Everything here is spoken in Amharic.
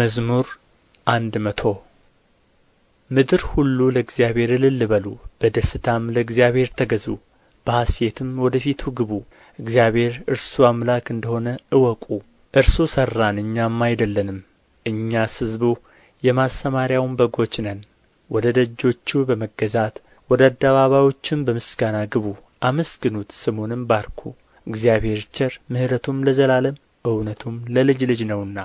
መዝሙር አንድ መቶ ምድር ሁሉ ለእግዚአብሔር እልል በሉ፣ በደስታም ለእግዚአብሔር ተገዙ፣ በሐሴትም ወደ ፊቱ ግቡ። እግዚአብሔር እርሱ አምላክ እንደሆነ እወቁ። እርሱ ሠራን፣ እኛም አይደለንም፣ እኛስ ሕዝቡ የማሰማሪያውን በጎች ነን። ወደ ደጆቹ በመገዛት ወደ አደባባዮችም በምስጋና ግቡ፣ አመስግኑት፣ ስሙንም ባርኩ። እግዚአብሔር ቸር፣ ምሕረቱም ለዘላለም እውነቱም ለልጅ ልጅ ነውና